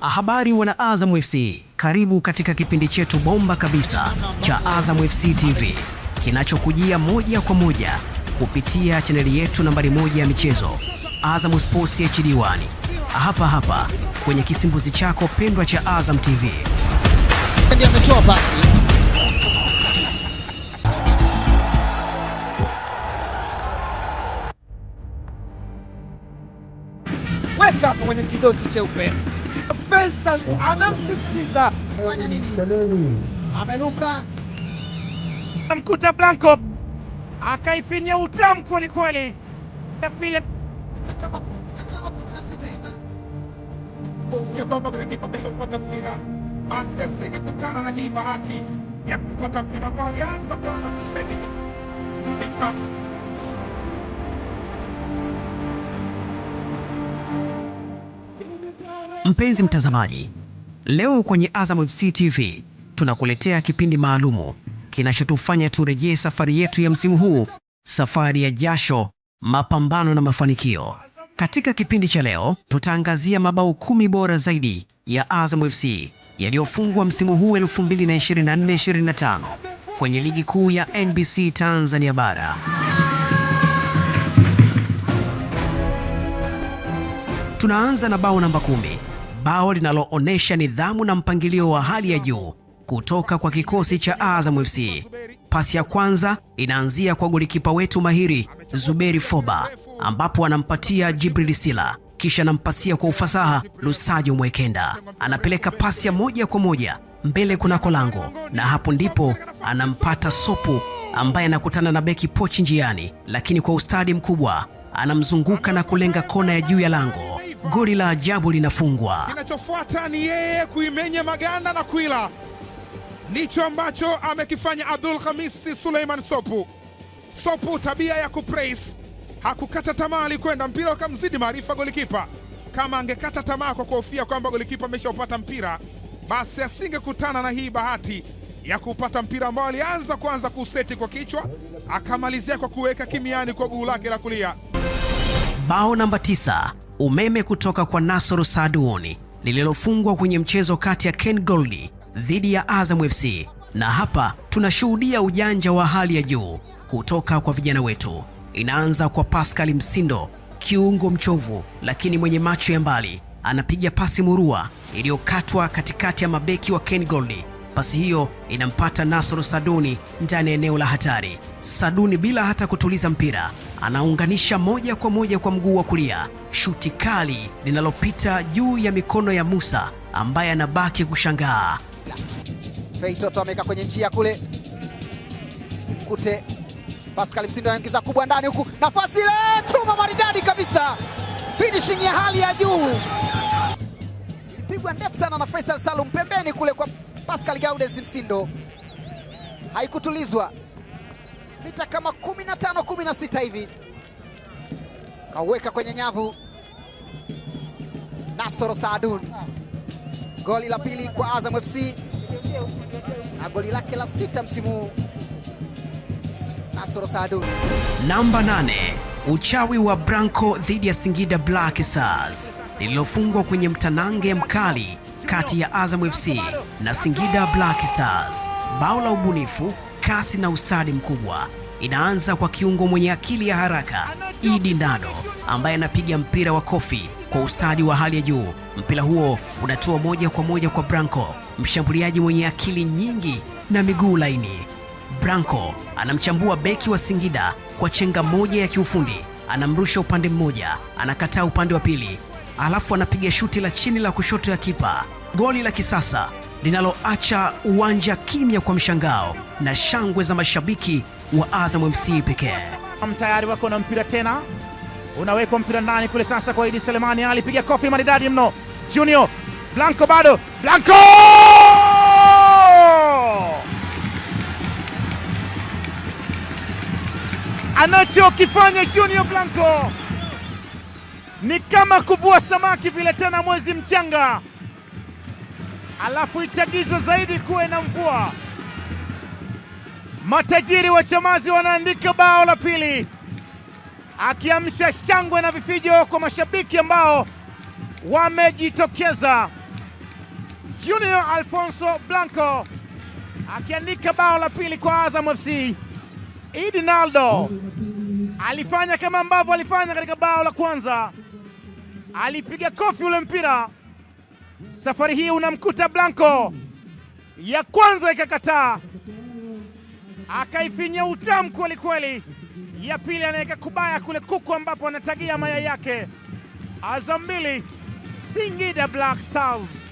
Ah, habari wana Azam FC, karibu katika kipindi chetu bomba kabisa cha Azam FC TV kinachokujia moja kwa moja kupitia chaneli yetu nambari moja ya michezo Azam Sports HD1, ah, hapa hapa kwenye kisimbuzi chako pendwa cha Azam TV. Ndio ametoa kutoka kwenye kidoti cheupe. Faisal anamsisitiza fanya nini, ameruka amkuta Blanco akaifinya utamu kweli kweli vile kutana na hii bahati ya kupata mpira kwa alianza kwa Mpenzi mtazamaji, leo kwenye Azam FC TV tunakuletea kipindi maalumu kinachotufanya turejee safari yetu ya msimu huu, safari ya jasho, mapambano na mafanikio. Katika kipindi cha leo tutaangazia mabao kumi bora zaidi ya Azam FC yaliyofungwa msimu huu 2024-2025 kwenye ligi kuu ya NBC Tanzania bara. Tunaanza na bao namba kumi bao linaloonyesha nidhamu na mpangilio wa hali ya juu kutoka kwa kikosi cha Azam FC. Pasi ya kwanza inaanzia kwa golikipa wetu mahiri Zuberi Foba, ambapo anampatia Jibril Sila, kisha anampasia kwa ufasaha Lusajo Mwekenda, anapeleka pasi ya moja kwa moja mbele kunako lango, na hapo ndipo anampata Sopu ambaye anakutana na beki Pochi njiani, lakini kwa ustadi mkubwa anamzunguka na kulenga kona ya juu ya lango. Goli la ajabu linafungwa. Kinachofuata ni yeye kuimenya maganda na kuila, ndicho ambacho amekifanya Abdul Hamisi Suleiman Sopu. Sopu tabia ya kupres, hakukata tamaa, alikwenda mpira ukamzidi maarifa golikipa. Kama angekata tamaa kwa kuhofia kwamba golikipa ameshaupata mpira, basi asingekutana na hii bahati ya kupata mpira ambao alianza kwanza kuseti kwa kichwa, akamalizia kwa kuweka kimiani kwa guu lake la kulia. Bao namba tisa, umeme kutoka kwa Nasoro Saduoni lililofungwa kwenye mchezo kati ya Ken Goldi dhidi ya Azam FC, na hapa tunashuhudia ujanja wa hali ya juu kutoka kwa vijana wetu. Inaanza kwa Pascal Msindo, kiungo mchovu lakini mwenye macho ya mbali, anapiga pasi murua iliyokatwa katikati ya mabeki wa Ken Goldi Pasi hiyo inampata Nasoro Saduni ndani ya eneo la hatari. Saduni bila hata kutuliza mpira anaunganisha moja kwa moja kwa mguu wa kulia, shuti kali linalopita juu ya mikono ya Musa ambaye anabaki kushangaa. Feitoto ameweka kwenye njia kule, Kute Pascal Msindo anaingiza kubwa ndani huku, nafasi ile, chuma maridadi kabisa, finishing ya hali ya juu, ilipigwa ndefu sana na Faisal Salum pembeni kule kwa Pascal Gaudens Msindo, haikutulizwa mita kama 15 16 hivi, kaweka kwenye nyavu Nasoro Saadun. Goli la pili kwa Azam FC na goli lake la sita msimu huu Nasoro Saadun. Namba 8 uchawi wa Branco dhidi ya Singida Black Stars lililofungwa kwenye mtanange mkali kati ya Azam FC na Singida Black Stars. Bao la ubunifu, kasi na ustadi mkubwa. Inaanza kwa kiungo mwenye akili ya haraka Idi Ndano ambaye anapiga mpira wa kofi kwa ustadi wa hali ya juu. Mpira huo unatua moja kwa moja kwa branko mshambuliaji mwenye akili nyingi na miguu laini. branko anamchambua beki wa Singida kwa chenga moja ya kiufundi, anamrusha upande mmoja, anakataa upande wa pili, alafu anapiga shuti la chini la kushoto ya kipa, goli la kisasa linaloacha uwanja kimya kwa mshangao na shangwe za mashabiki wa Azam FC pekee. Tayari wako na mpira tena, unawekwa mpira ndani kule sasa kwa Idi Selemani, alipiga kofi maridadi mno. Junior Blanco bado Blanco anachokifanya Junior Blanco ni kama kuvua samaki vile, tena mwezi mchanga, alafu ichagizwe zaidi kuwe na mvua. Matajiri wa Chamazi wanaandika bao la pili, akiamsha shangwe na vifijo kwa mashabiki ambao wamejitokeza. Junior Alfonso Blanco akiandika bao la pili kwa Azam FC. Idinaldo alifanya kama ambavyo alifanya katika bao la kwanza alipiga kofi ule mpira. Safari hii unamkuta Blanco, ya kwanza ikakataa, akaifinya utamu kweli kweli. Ya pili anaweka kubaya kule kuku, ambapo anatagia mayai yake. Azam mbili Singida Black Stars.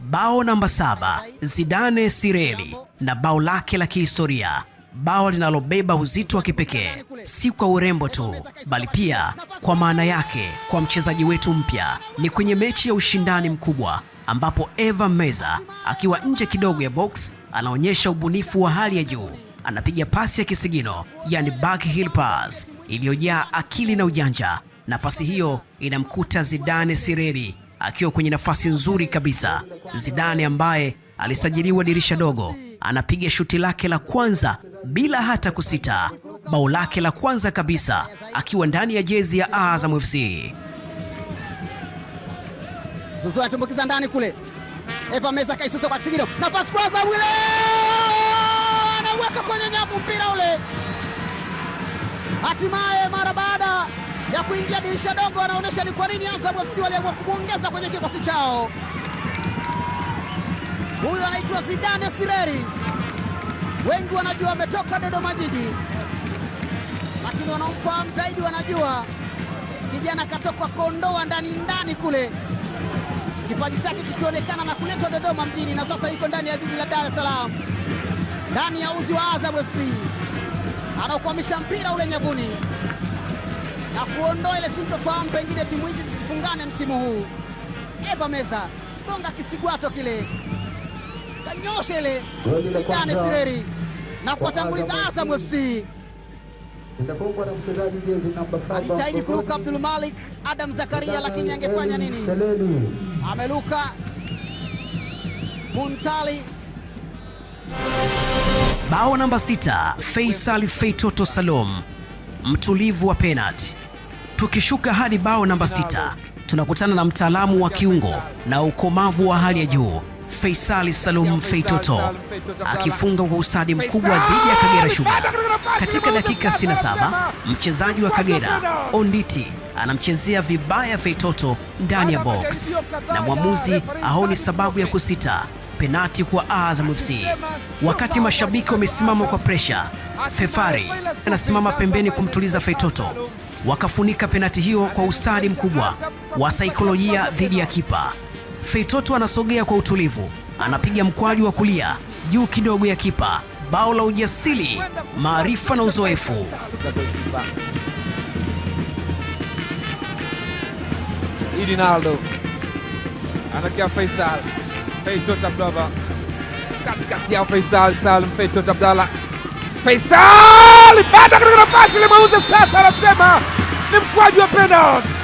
Bao namba saba Zidane Sireli na bao lake la kihistoria bao linalobeba uzito wa kipekee, si kwa urembo tu, bali pia kwa maana yake kwa mchezaji wetu mpya. Ni kwenye mechi ya ushindani mkubwa ambapo Eva Meza akiwa nje kidogo ya box anaonyesha ubunifu wa hali ya juu. Anapiga pasi ya kisigino, yani back heel pass, iliyojaa akili na ujanja, na pasi hiyo inamkuta Zidane Sireri akiwa kwenye nafasi nzuri kabisa. Zidane ambaye alisajiliwa dirisha dogo anapiga shuti lake la kwanza bila hata kusita, bao lake la kwanza kabisa akiwa ndani ya jezi ya Azam FC. Zuzu atumbukiza ndani kule, Eva Meza kaisusa kwa kisigino, nafasi kwa Azam anaweka kwenye nyavu mpira ule. Hatimaye mara baada ya kuingia dirisha dogo, anaonyesha ni kwa nini Azam FC waliamua kumwongeza kwenye kikosi chao. Huyu anaitwa Zidane Sireri, wengi wanajua ametoka Dodoma Jiji, lakini wanaomfahamu zaidi wanajua kijana katoka Kondoa ndani ndani kule, kipaji chake kikionekana na kuletwa Dodoma mjini, na sasa iko ndani ya jiji la Dar es Salaam, ndani ya uzi wa Azam FC, anaokwamisha mpira ule nyavuni na kuondoa ile sintofahamu, pengine timu hizi zisifungane msimu huu. Eva Meza gonga kisigwato kile akanyosha ile Zidane Sireri na kuwatanguliza Azam FC. Itafungwa na kuruka Abdul Malik Adam Zakaria, lakini angefanya nini? Ameluka Muntali. Bao namba sita, Faisal Feitoto Salom mtulivu wa penalti. Tukishuka hadi bao namba sita, tunakutana na mtaalamu wa kiungo na ukomavu wa hali ya juu Faisali Salum Feitoto akifunga kwa ustadi mkubwa dhidi ya Kagera Sugar. Katika dakika 67 mchezaji wa Kagera Onditi anamchezea vibaya Feitoto ndani ya box na mwamuzi aoni sababu ya kusita penati kwa Azam FC. Wakati mashabiki wamesimama kwa presha, Fefari anasimama pembeni kumtuliza Feitoto. Wakafunika penati hiyo kwa ustadi mkubwa wa saikolojia dhidi ya kipa. Feitoto anasogea kwa utulivu, anapiga mkwaju wa kulia juu kidogo ya kipa. Bao la ujasiri, maarifa na uzoefu. Ronaldo anakia Faisal, Feitoto Abdalla katikati ya Faisal Salim, Feitoto Abdalla, Faisal baada kutoka nafasi ile, limeuza sasa, anasema ni mkwaju wa penalty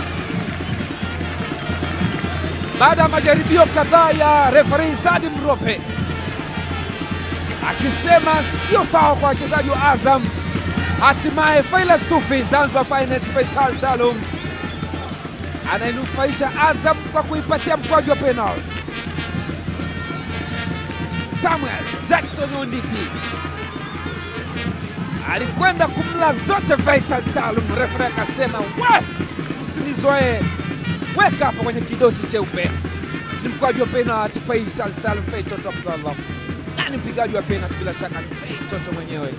baada ya majaribio kadhaa ya referee Sadim Rope akisema sio sawa kwa wachezaji wa Azam. Hatimaye Faila Sufi Zanzibar Finance Faisal Salum anainufaisha Azam kwa kuipatia mkwaju wa penalti. Samuel Jackson Onditi alikwenda kumla zote Faisal Salum, referee akasema we, msinizoee weka hapa kwenye kidoti cheupe. Ni mpigaji wa penalti Faisal Salum Fei Abdallah, na ni mpigaji wa penalti bila shaka ni Fei mwenyewe.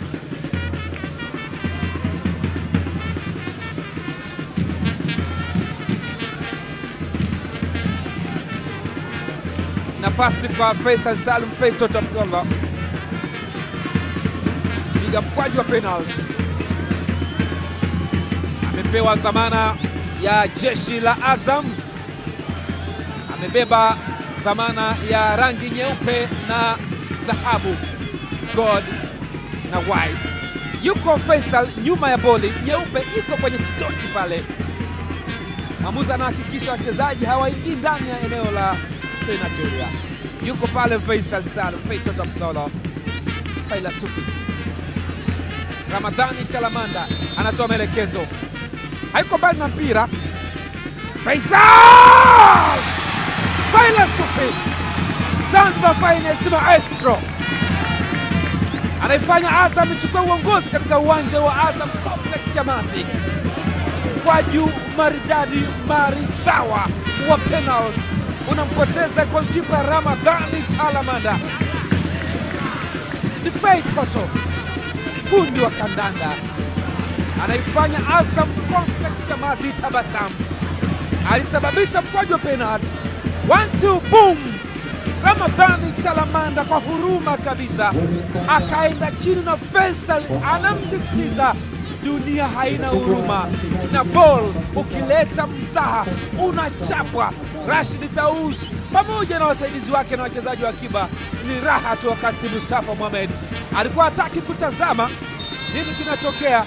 Nafasi kwa Faisal Salum Fei Abdallah, mpiga mkwaji wa penalti amepewa dhamana ya jeshi la Azam amebeba dhamana ya rangi nyeupe na dhahabu, gold na white. Yuko Faisal nyuma ya boli nyeupe, iko kwenye kitoki pale. Mamuza anahakikisha wachezaji hawaingii ndani ya eneo la penalty. Yuko pale Faisal Salum, Faitoto Mtolo, Faila Sufi, Ramadhani Chalamanda anatoa maelekezo haiko mbali na mpira. Faisal Failasufi Zanzibar Finest maestro anaifanya Azam ichukue uongozi katika uwanja wa Azam Complex Chamazi kwa juu maridadi maridhawa wa penalti unampoteza kwa kipa Ramadhani Chalamanda. Ni Fei Toto, fundi wa kandanda anaifanya Azam Complex Chamazi tabasamu. Alisababisha mkwaju wa penalti two boom! Ramadhani Chalamanda kwa huruma kabisa akaenda chini na Faisal anamsisitiza dunia haina huruma na bol, ukileta mzaha unachapwa. Rashid taus pamoja na wasaidizi wake na wachezaji wa akiba ni raha tu, wakati Mustafa Mohamed alikuwa hataki kutazama nini kinatokea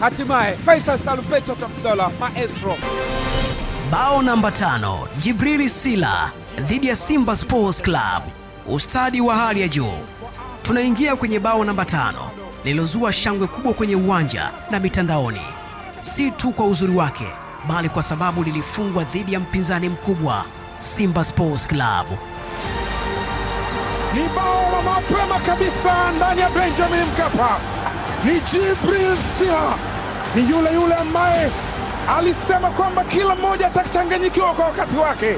hatimaye Faisal Salum Abdalla Maestro. Bao namba tano jibrili Sila dhidi ya Simba Sports Club, ustadi wa hali ya juu. Tunaingia kwenye bao namba tano lililozua shangwe kubwa kwenye uwanja na mitandaoni, si tu kwa uzuri wake, bali kwa sababu lilifungwa dhidi ya mpinzani mkubwa Simba Sports Club. Ni bao la mapema kabisa ndani ya Benjamin Mkapa, ni Jibril Sila ni yule yule ambaye alisema kwamba kila mmoja atachanganyikiwa kwa wakati wake.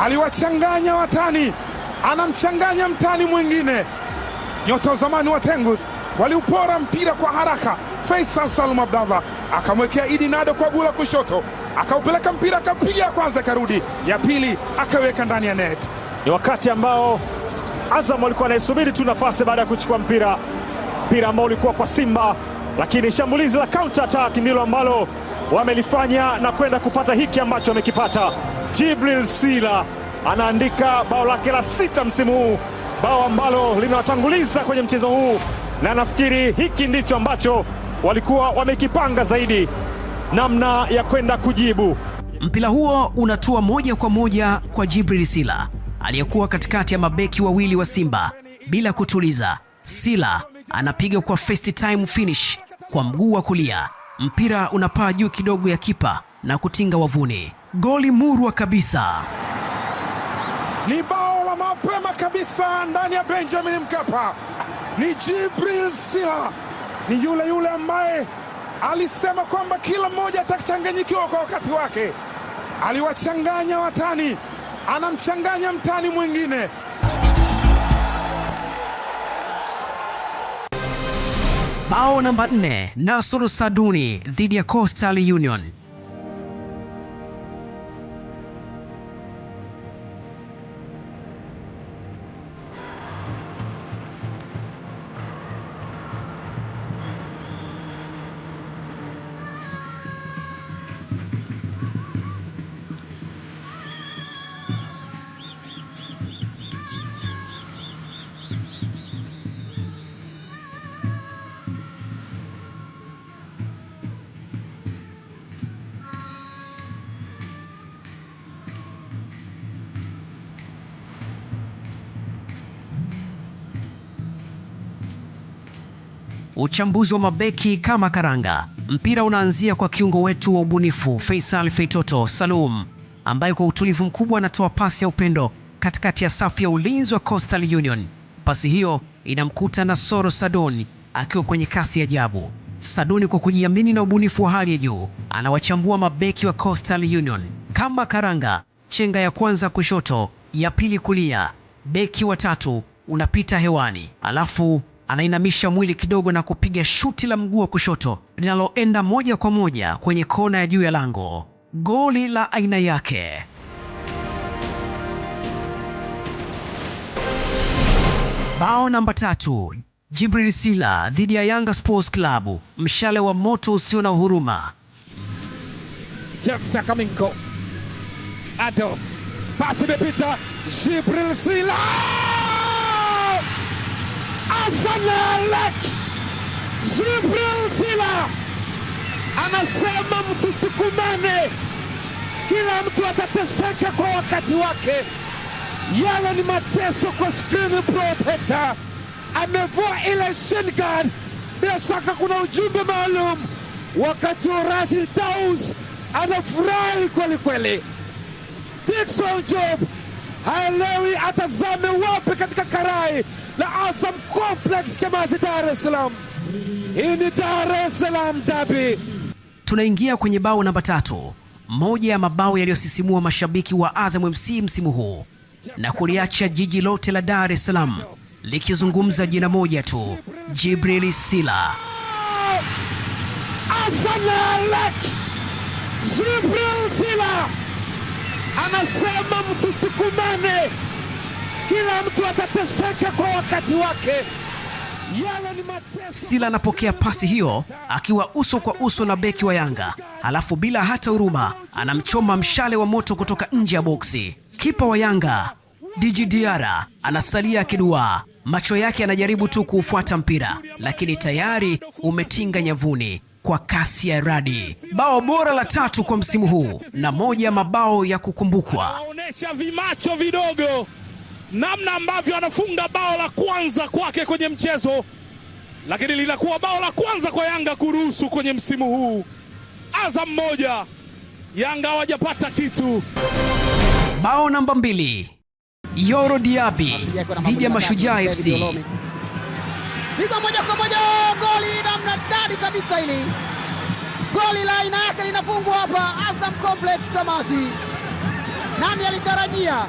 Aliwachanganya watani, anamchanganya mtani mwingine. Nyota wa zamani wa Tengus waliupora mpira kwa haraka. Faisal Salum Abdalla akamwekea Idi Nado kwa gula kushoto, akaupeleka mpira, akapiga ya kwanza, karudi ya pili, akaweka ndani ya net. Ni wakati ambao Azam walikuwa anaisubiri tu nafasi baada ya kuchukua mpira, mpira ambao ulikuwa kwa Simba lakini shambulizi la counter attack ndilo ambalo wamelifanya na kwenda kupata hiki ambacho wamekipata. Jibril Sila anaandika bao lake la sita msimu huu, bao ambalo linawatanguliza kwenye mchezo huu, na nafikiri hiki ndicho ambacho walikuwa wamekipanga zaidi, namna ya kwenda kujibu. Mpira huo unatua moja kwa moja kwa Jibril Sila aliyekuwa katikati ya mabeki wawili wa Simba bila kutuliza. Sila anapiga kwa first time finish kwa mguu wa kulia, mpira unapaa juu kidogo ya kipa na kutinga wavuni. Goli murwa kabisa, ni bao la mapema kabisa ndani ya Benjamin Mkapa. Ni Jibril Sila, ni yule yule ambaye alisema kwamba kila mmoja atachanganyikiwa kwa wakati wake. Aliwachanganya watani, anamchanganya mtani mwingine. Bao namba 4 Nasuru Saduni dhidi ya Coastal Union. Uchambuzi wa mabeki kama karanga. Mpira unaanzia kwa kiungo wetu wa ubunifu Faisal Feitoto Salum ambaye kwa utulivu mkubwa anatoa pasi ya upendo katikati ya safu ya ulinzi wa Coastal Union. Pasi hiyo inamkuta Nasoro Sadoni akiwa kwenye kasi ya ajabu. Sadoni kwa kujiamini na ubunifu wa hali ya juu anawachambua mabeki wa Coastal Union kama karanga, chenga ya kwanza kushoto, ya pili kulia, beki wa tatu unapita hewani, alafu anainamisha mwili kidogo na kupiga shuti la mguu wa kushoto linaloenda moja kwa moja kwenye kona ya juu ya lango. Goli la aina yake. Bao namba tatu, Jibril Sila dhidi ya Yanga Sports Club, mshale wa moto usio na huruma. Jack Sakaminko Adolf. Pasi imepita Jibril Sila afadhalak Jibril Sila anasema msisukumane, kila mtu atateseka kwa wakati wake. Yale ni mateso kwa screen protector, amevua ile shin guard. Bila shaka kuna ujumbe maalum, wakati wa Rashid Taus anafurahi kweli kweli. Dickson Job haelewi atazame wapi katika karai There are complex Chamazi Dar es Salaam. Hii ni Dar es Salaam dabi. Tunaingia kwenye bao namba tatu, moja ya mabao yaliyosisimua mashabiki wa Azam FC msimu huu na kuliacha jiji lote la Dar es Salaam likizungumza jina moja tu, Jibril Sila. Jibril Sila anasema msisukumane kila mtu atateseka kwa wakati wake. Sila anapokea pasi hiyo akiwa uso kwa uso na beki wa Yanga, halafu bila hata huruma anamchoma mshale wa moto kutoka nje ya boksi. Kipa wa Yanga Djigui Diara anasalia akiduaa, macho yake anajaribu tu kuufuata mpira, lakini tayari umetinga nyavuni kwa kasi ya radi. Bao bora la tatu kwa msimu huu na moja mabao ya kukumbukwa. vimacho vidogo namna ambavyo anafunga bao la kwanza kwake kwenye mchezo, lakini linakuwa bao la kwanza kwa Yanga kuruhusu kwenye msimu huu. Azam moja, Yanga hawajapata kitu. Bao namba mbili, Yoro Diaby dhidi ya Mashujaa FC. Piga moja kwa moja, goli namna dadi kabisa hili. Goli la aina yake linafungwa hapa Azam Complex Tamasi. Nani alitarajia?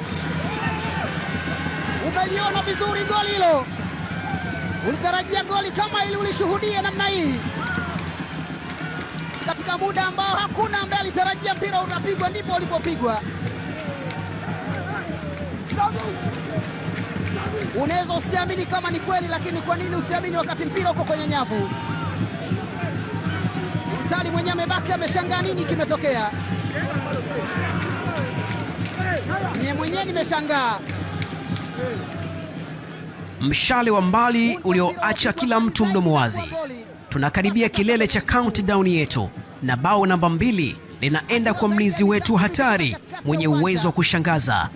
Unaliona vizuri goli hilo, ulitarajia goli kama ili, ulishuhudia namna hii katika muda ambao hakuna ambaye alitarajia mpira unapigwa, ndipo ulipopigwa. Unaweza usiamini kama ni kweli, lakini kwa nini usiamini wakati mpira uko kwenye nyavu? Mtali mwenyewe amebaki ameshangaa, nini kimetokea? Mie mwenyewe nimeshangaa. Mshale wa mbali ulioacha kila mtu mdomo wazi. Tunakaribia kilele cha countdown yetu na bao namba mbili linaenda kwa mlinzi wetu hatari mwenye uwezo wa kushangaza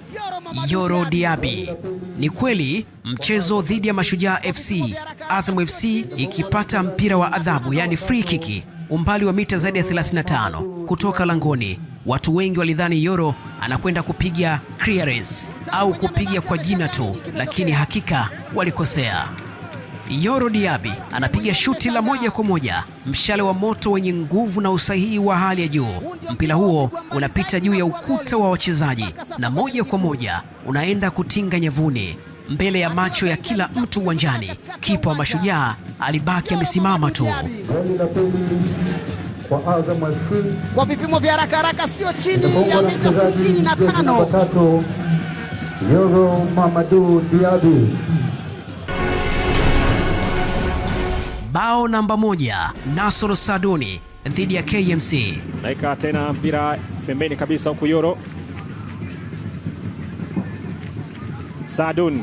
Yoro Diaby. Ni kweli mchezo dhidi ya Mashujaa FC, Azam FC ikipata mpira wa adhabu, yaani free kick umbali wa mita zaidi ya 35 kutoka langoni Watu wengi walidhani Yoro anakwenda kupiga clearance au kupiga kwa jina tu, lakini hakika walikosea. Yoro Diaby anapiga shuti la moja kwa moja, mshale wa moto wenye nguvu na usahihi wa hali ya juu. Mpira huo unapita juu ya ukuta wa wachezaji na moja kwa moja unaenda kutinga nyavuni mbele ya macho ya kila mtu uwanjani. Kipa wa Mashujaa alibaki amesimama tu. Yaani kwa Azam FC kwa vipimo vya haraka haraka sio chini ya mita 65. Yoro Mamadou Diaby bao namba moja Nasoro Saduni dhidi ya KMC. Naika tena mpira pembeni kabisa huku Yoro Sadun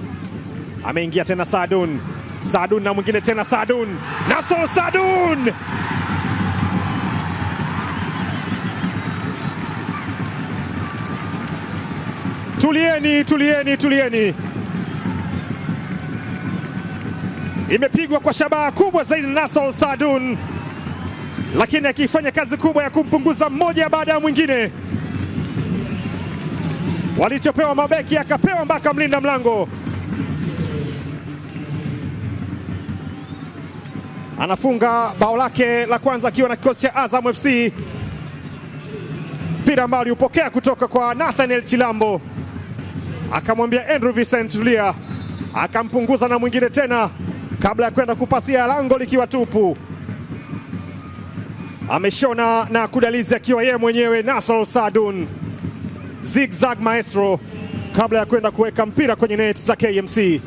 ameingia tena Sadun Sadun na mwingine tena Sadun Nasol Sadun Tulieni, tulieni, tulieni. Imepigwa kwa shabaha kubwa zaidi na Nasol Saadun, lakini akifanya kazi kubwa ya kumpunguza mmoja baada ya mwingine. Walichopewa mabeki akapewa mpaka mlinda mlango. Anafunga bao lake la kwanza akiwa na kikosi cha Azam FC, mpira ambao aliupokea kutoka kwa Nathaniel Chilambo akamwambia Andrew Vincent tulia, akampunguza na mwingine tena kabla ya kwenda kupasia, lango likiwa tupu. Ameshona na kudalizi akiwa yeye mwenyewe nasol Sadun, zigzag maestro kabla ya kwenda kuweka mpira kwenye net za KMC.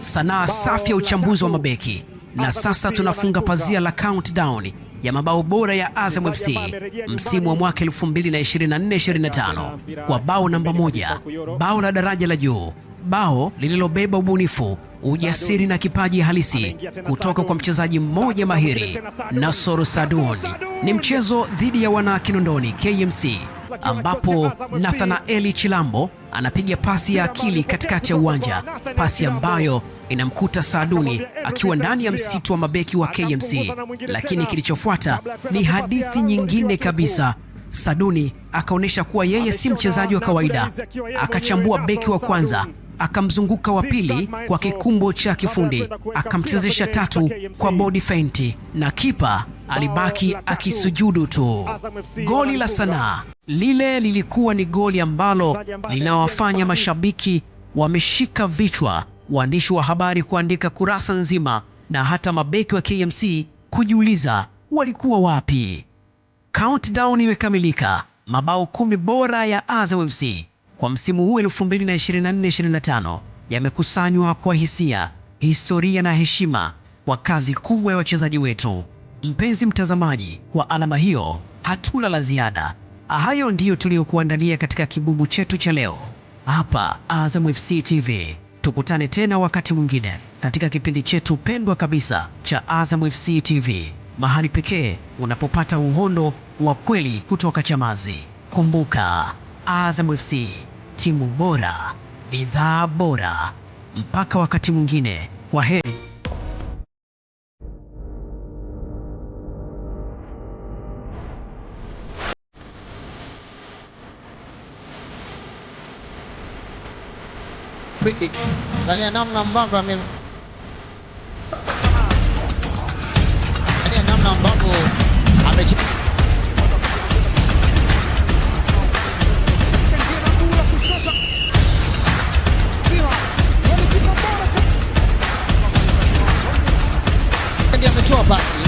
Sanaa safi ya uchambuzi wa mabeki na sasa tunafunga pazia la countdown ya mabao bora ya Azam FC msimu wa mwaka 2024-2025 kwa bao namba moja, bao la daraja la juu, bao lililobeba ubunifu, ujasiri na kipaji halisi kutoka kwa mchezaji mmoja mahiri Nassor sadun Ni mchezo dhidi ya wana Kinondoni KMC ambapo Nathanaeli Chilambo anapiga pasi ya akili katikati ya uwanja, pasi ambayo inamkuta Saaduni akiwa ndani ya msitu wa mabeki wa KMC. Lakini kilichofuata ni hadithi nyingine kabisa. Saduni akaonyesha kuwa yeye si mchezaji wa kawaida, akachambua beki wa kwanza akamzunguka wa pili kwa kikumbo cha kifundi, akamchezesha tatu kwa bodi fenti, na kipa alibaki akisujudu tu. Goli la sanaa lile lilikuwa ni goli ambalo linawafanya mashabiki wameshika vichwa, waandishi wa habari kuandika kurasa nzima, na hata mabeki wa KMC kujiuliza walikuwa wapi. Countdown imekamilika, mabao kumi bora ya Azam FC. Kwa msimu huu 2024-2025 yamekusanywa kwa hisia, historia na heshima kwa kazi kubwa ya wachezaji wetu. Mpenzi mtazamaji, kwa alama hiyo hatuna la ziada. Hayo ndiyo tuliyokuandalia katika kibubu chetu cha leo hapa Azam FC TV. Tukutane tena wakati mwingine katika kipindi chetu pendwa kabisa cha Azam FC TV, mahali pekee unapopata uhondo wa kweli kutoka Chamazi. Kumbuka, Azam FC timu bora, bidhaa bora. Mpaka wakati mwingine, kwa heri. Angalia namna ambavyo angalia namna ambavyo Bus